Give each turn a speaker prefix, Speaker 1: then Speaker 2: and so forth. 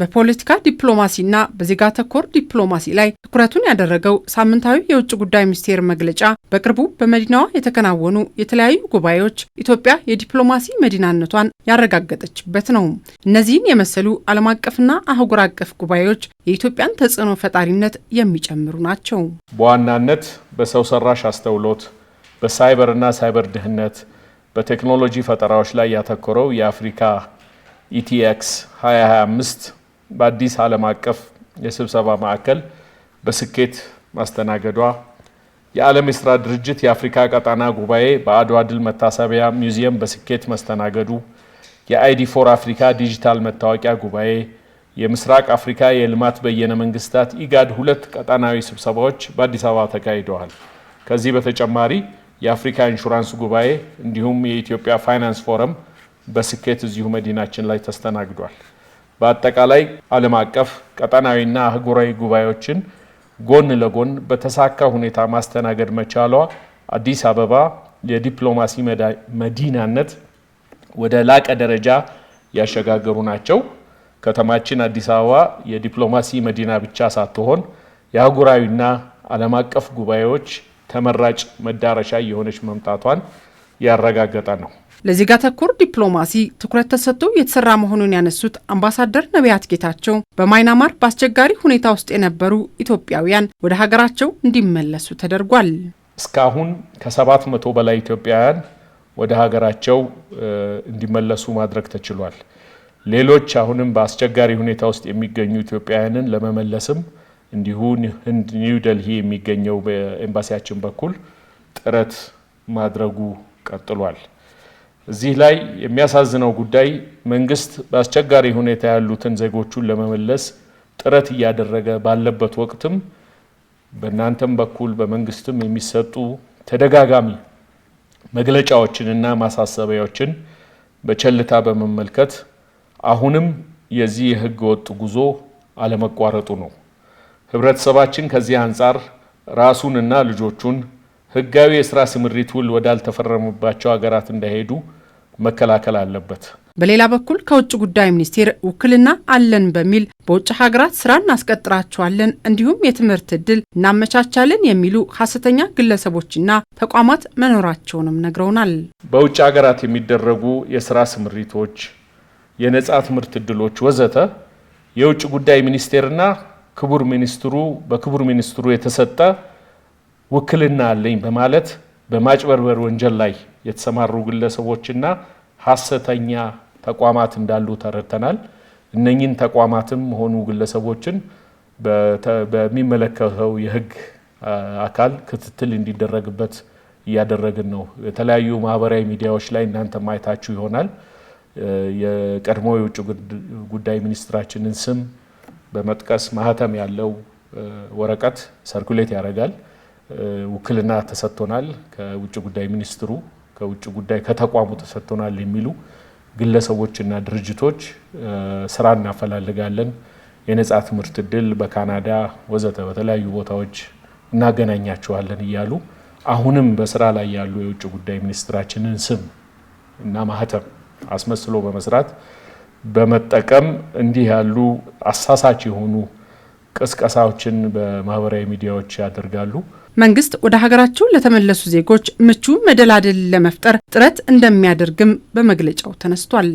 Speaker 1: በፖለቲካ ዲፕሎማሲና በዜጋ ተኮር ዲፕሎማሲ ላይ ትኩረቱን ያደረገው ሳምንታዊ የውጭ ጉዳይ ሚኒስቴር መግለጫ በቅርቡ በመዲናዋ የተከናወኑ የተለያዩ ጉባኤዎች ኢትዮጵያ የዲፕሎማሲ መዲናነቷን ያረጋገጠችበት ነው። እነዚህን የመሰሉ ዓለም አቀፍና አህጉር አቀፍ ጉባኤዎች የኢትዮጵያን ተጽዕኖ ፈጣሪነት የሚጨምሩ ናቸው።
Speaker 2: በዋናነት በሰው ሰራሽ አስተውሎት፣ በሳይበርና ሳይበር ድህነት፣ በቴክኖሎጂ ፈጠራዎች ላይ ያተኮረው የአፍሪካ ኢቲኤክስ 2025 በአዲስ ዓለም አቀፍ የስብሰባ ማዕከል በስኬት ማስተናገዷ የዓለም የስራ ድርጅት የአፍሪካ ቀጣና ጉባኤ በአድዋ ድል መታሰቢያ ሚውዚየም በስኬት መስተናገዱ፣ የአይዲ ፎር አፍሪካ ዲጂታል መታወቂያ ጉባኤ፣ የምስራቅ አፍሪካ የልማት በየነ መንግስታት ኢጋድ ሁለት ቀጣናዊ ስብሰባዎች በአዲስ አበባ ተካሂደዋል። ከዚህ በተጨማሪ የአፍሪካ ኢንሹራንስ ጉባኤ እንዲሁም የኢትዮጵያ ፋይናንስ ፎረም በስኬት እዚሁ መዲናችን ላይ ተስተናግዷል። በአጠቃላይ ዓለም አቀፍ ቀጠናዊና አህጉራዊ ጉባኤዎችን ጎን ለጎን በተሳካ ሁኔታ ማስተናገድ መቻሏ አዲስ አበባ የዲፕሎማሲ መዲናነት ወደ ላቀ ደረጃ ያሸጋገሩ ናቸው። ከተማችን አዲስ አበባ የዲፕሎማሲ መዲና ብቻ ሳትሆን የአህጉራዊና ዓለም አቀፍ ጉባኤዎች ተመራጭ መዳረሻ የሆነች መምጣቷን ያረጋገጠ ነው።
Speaker 1: ለዜጋ ተኮር ዲፕሎማሲ ትኩረት ተሰጥቶ የተሰራ መሆኑን ያነሱት አምባሳደር ነቢያት ጌታቸው በማይናማር በአስቸጋሪ ሁኔታ ውስጥ የነበሩ ኢትዮጵያውያን ወደ ሀገራቸው እንዲመለሱ ተደርጓል።
Speaker 2: እስካሁን ከሰባት መቶ በላይ ኢትዮጵያውያን ወደ ሀገራቸው እንዲመለሱ ማድረግ ተችሏል። ሌሎች አሁንም በአስቸጋሪ ሁኔታ ውስጥ የሚገኙ ኢትዮጵያውያንን ለመመለስም እንዲሁ ህንድ ኒው ደልሂ የሚገኘው በኤምባሲያችን በኩል ጥረት ማድረጉ ቀጥሏል። እዚህ ላይ የሚያሳዝነው ጉዳይ መንግስት በአስቸጋሪ ሁኔታ ያሉትን ዜጎቹን ለመመለስ ጥረት እያደረገ ባለበት ወቅትም በእናንተም በኩል በመንግስትም የሚሰጡ ተደጋጋሚ መግለጫዎችንና ማሳሰቢያዎችን በቸልታ በመመልከት አሁንም የዚህ የህገ ወጥ ጉዞ አለመቋረጡ ነው። ህብረተሰባችን ከዚህ አንጻር ራሱንና ልጆቹን ህጋዊ የስራ ስምሪት ውል ወዳልተፈረመባቸው ሀገራት እንዳይሄዱ መከላከል አለበት።
Speaker 1: በሌላ በኩል ከውጭ ጉዳይ ሚኒስቴር ውክልና አለን በሚል በውጭ ሀገራት ስራ እናስቀጥራቸዋለን እንዲሁም የትምህርት እድል እናመቻቻለን የሚሉ ሀሰተኛ ግለሰቦችና ተቋማት መኖራቸውንም ነግረውናል።
Speaker 2: በውጭ ሀገራት የሚደረጉ የስራ ስምሪቶች፣ የነጻ ትምህርት እድሎች ወዘተ የውጭ ጉዳይ ሚኒስቴርና ክቡር ሚኒስትሩ በክቡር ሚኒስትሩ የተሰጠ ውክልና አለኝ በማለት በማጭበርበር ወንጀል ላይ የተሰማሩ ግለሰቦችና ሀሰተኛ ተቋማት እንዳሉ ተረድተናል። እነኚህን ተቋማትም ሆኑ ግለሰቦችን በሚመለከተው የህግ አካል ክትትል እንዲደረግበት እያደረግን ነው። የተለያዩ ማህበራዊ ሚዲያዎች ላይ እናንተ ማየታችሁ ይሆናል። የቀድሞ የውጭ ጉዳይ ሚኒስትራችንን ስም በመጥቀስ ማህተም ያለው ወረቀት ሰርኩሌት ያደርጋል። ውክልና ተሰጥቶናል ከውጭ ጉዳይ ሚኒስትሩ ከውጭ ጉዳይ ከተቋሙ ተሰጥቶናል የሚሉ ግለሰቦችና ድርጅቶች ስራ እናፈላልጋለን፣ የነጻ ትምህርት እድል በካናዳ ወዘተ በተለያዩ ቦታዎች እናገናኛቸዋለን እያሉ አሁንም በስራ ላይ ያሉ የውጭ ጉዳይ ሚኒስትራችንን ስም እና ማህተም አስመስሎ በመስራት በመጠቀም እንዲህ ያሉ አሳሳች የሆኑ ቅስቀሳዎችን በማህበራዊ ሚዲያዎች ያደርጋሉ።
Speaker 1: መንግስት ወደ ሀገራቸው ለተመለሱ ዜጎች ምቹ መደላደል ለመፍጠር ጥረት እንደሚያደርግም በመግለጫው ተነስቷል።